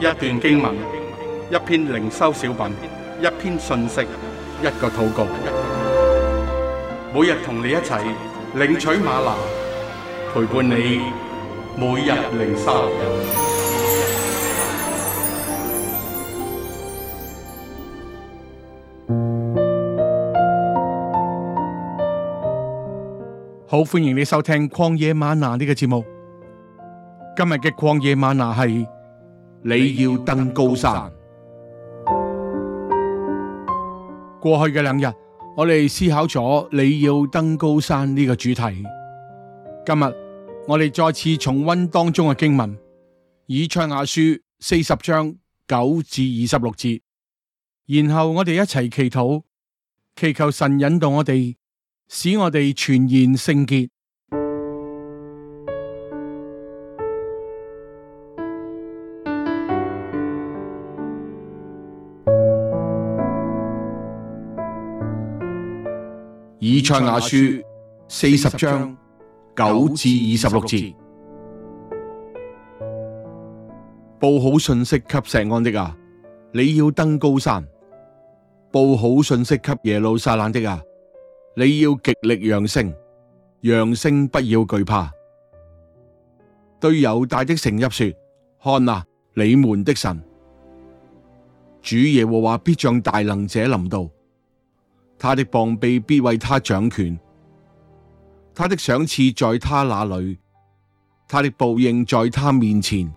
一段經文，一篇靈修小品，一篇信息，一個禱告。每日同你一齊領取嗎哪，陪伴你每日靈修。好，歡迎你收聽《曠野嗎哪》呢個節目。今日嘅《曠野嗎哪》係。你要登高山。過去嘅兩日，我哋思考咗你要登高山呢、這個主題。今日我哋再次重溫當中嘅經文，以賽亞書四十章九至二十六節，然後我哋一齊祈禱，祈求神引導我哋，使我哋全然聖潔。以賽亞書四十章九至二十六節。報好信息給錫安的啊，你要登高山；報好信息給耶路撒冷的啊，你要極力揚聲，揚聲不要懼怕。對猶大的城邑說：看啊，你們的神，主耶和華必像大能者臨到。他的膀臂必為他掌權，他的賞賜在他那裏，他的報應在他面前。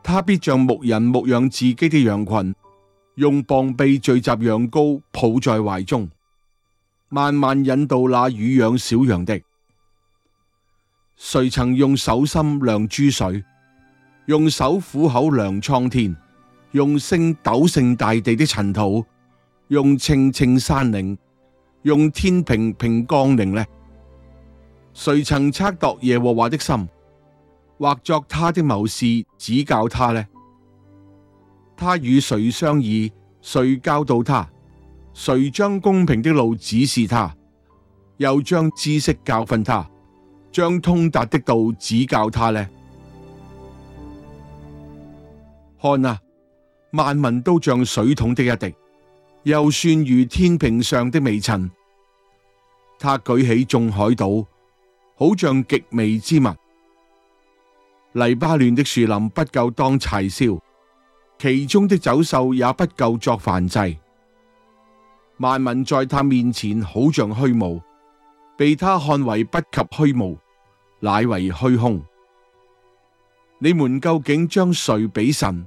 他必像牧人牧養自己的羊群，用膀臂聚集羊羔，抱在懷中，慢慢引導那乳養小羊的。誰曾用手心量諸水，用手虎口量蒼天？用升斗盛大地的塵土，用秤稱山嶺，用天平平岡陵呢？誰曾測度耶和華的心，或作他的謀士指教他呢？他與誰商議？誰教導他？誰將公平的路指示他？又將知識教訓他？將通達的道指教他呢？看啊！萬民都像水桶的一滴，又算如天平上的微塵。他舉起眾海島，好像極微之物。黎巴嫩的樹林不夠當柴燒，其中的走獸也不夠作燔祭。萬民在他面前好像虛無，被他看為不及虛無，乃為虛空。你們究竟將誰比神？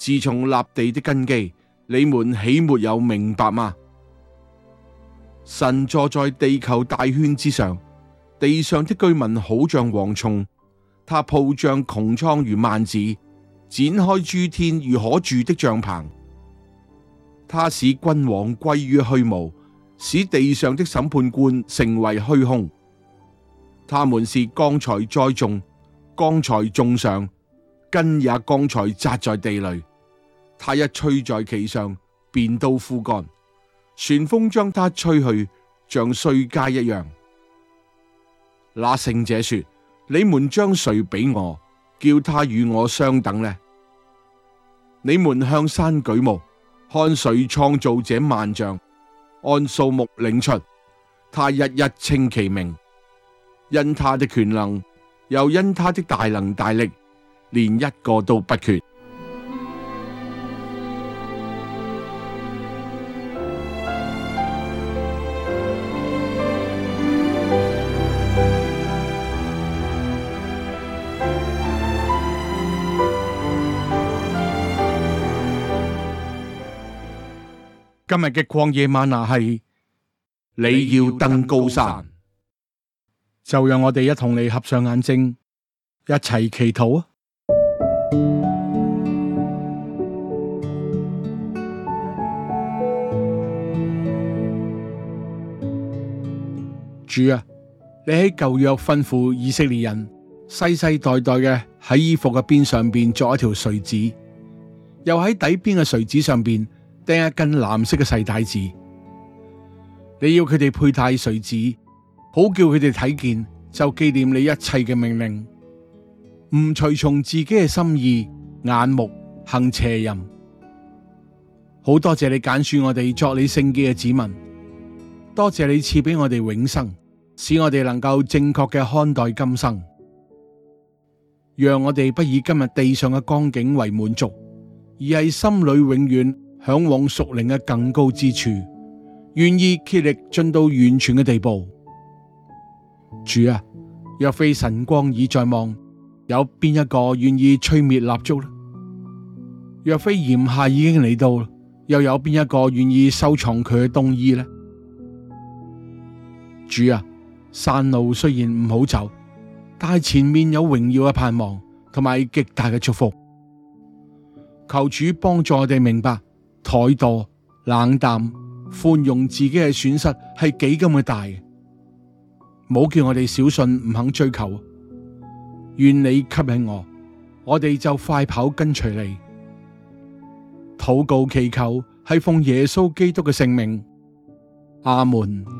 自從立地的根基，你們豈沒有明白嗎？神坐在地球大圈之上，地上的居民好像蝗蟲，他鋪張穹蒼如幔子，展開諸天如可住的帳棚。他使君王歸於虛無，使地上的審判官成為虛空。他們是剛才栽種，剛才種上，根也剛才扎在地裏。他一吹在其上，便都枯乾；旋風將他吹去，像碎稭一樣。那聖者說：你們將誰比我，叫他與我相等呢？你們向山舉目，看誰創造這萬象，按數目領出，他一一稱其名，因他的權能，又因他的大能大力，連一個都不缺。今日嘅曠野嗎哪，係你要登高山，高山就讓我哋一同你合上眼睛，一齊祈禱啊！主啊，你喺舊約吩咐以色列人，世世代代嘅喺衣服嘅邊上邊作一條垂子，又喺底邊嘅垂子上邊。釘一根藍色嘅細帶子，你要佢哋佩戴繸子，好叫佢哋睇見就紀念你一切嘅命令，唔隨從自己嘅心意、眼目行邪淫。好多謝你揀選我哋作你聖潔嘅子民，多謝你賜俾我哋永生，使我哋能夠正確嘅看待今生，讓我哋不以今日地上嘅光景為滿足，而係心裏永遠。嚮往屬靈嘅更高之處，願意竭力進到完全嘅地步。主啊，若非晨光已在望，有邊一個願意吹滅蠟燭呢？若非炎夏已經嚟到了，又有邊一個願意收藏佢嘅冬衣呢？主啊，山路雖然唔好走，但係前面有榮耀嘅盼望同埋極大嘅祝福。求主幫助我哋明白。怠惰、冷淡、寬容自己嘅損失係幾咁嘅大，唔好叫我哋小信唔肯追求。願你吸引我，我哋就快跑跟隨你。禱告祈求係奉耶穌基督嘅聖命。阿門。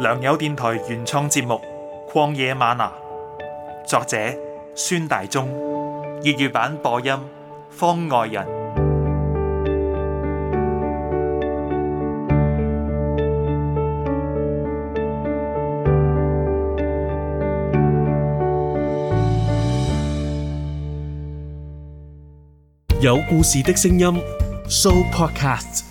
良友電台原創節目《曠野嗎哪》，作者孫大中，粵語版播音方外人，有故事的聲音，Show Podcast。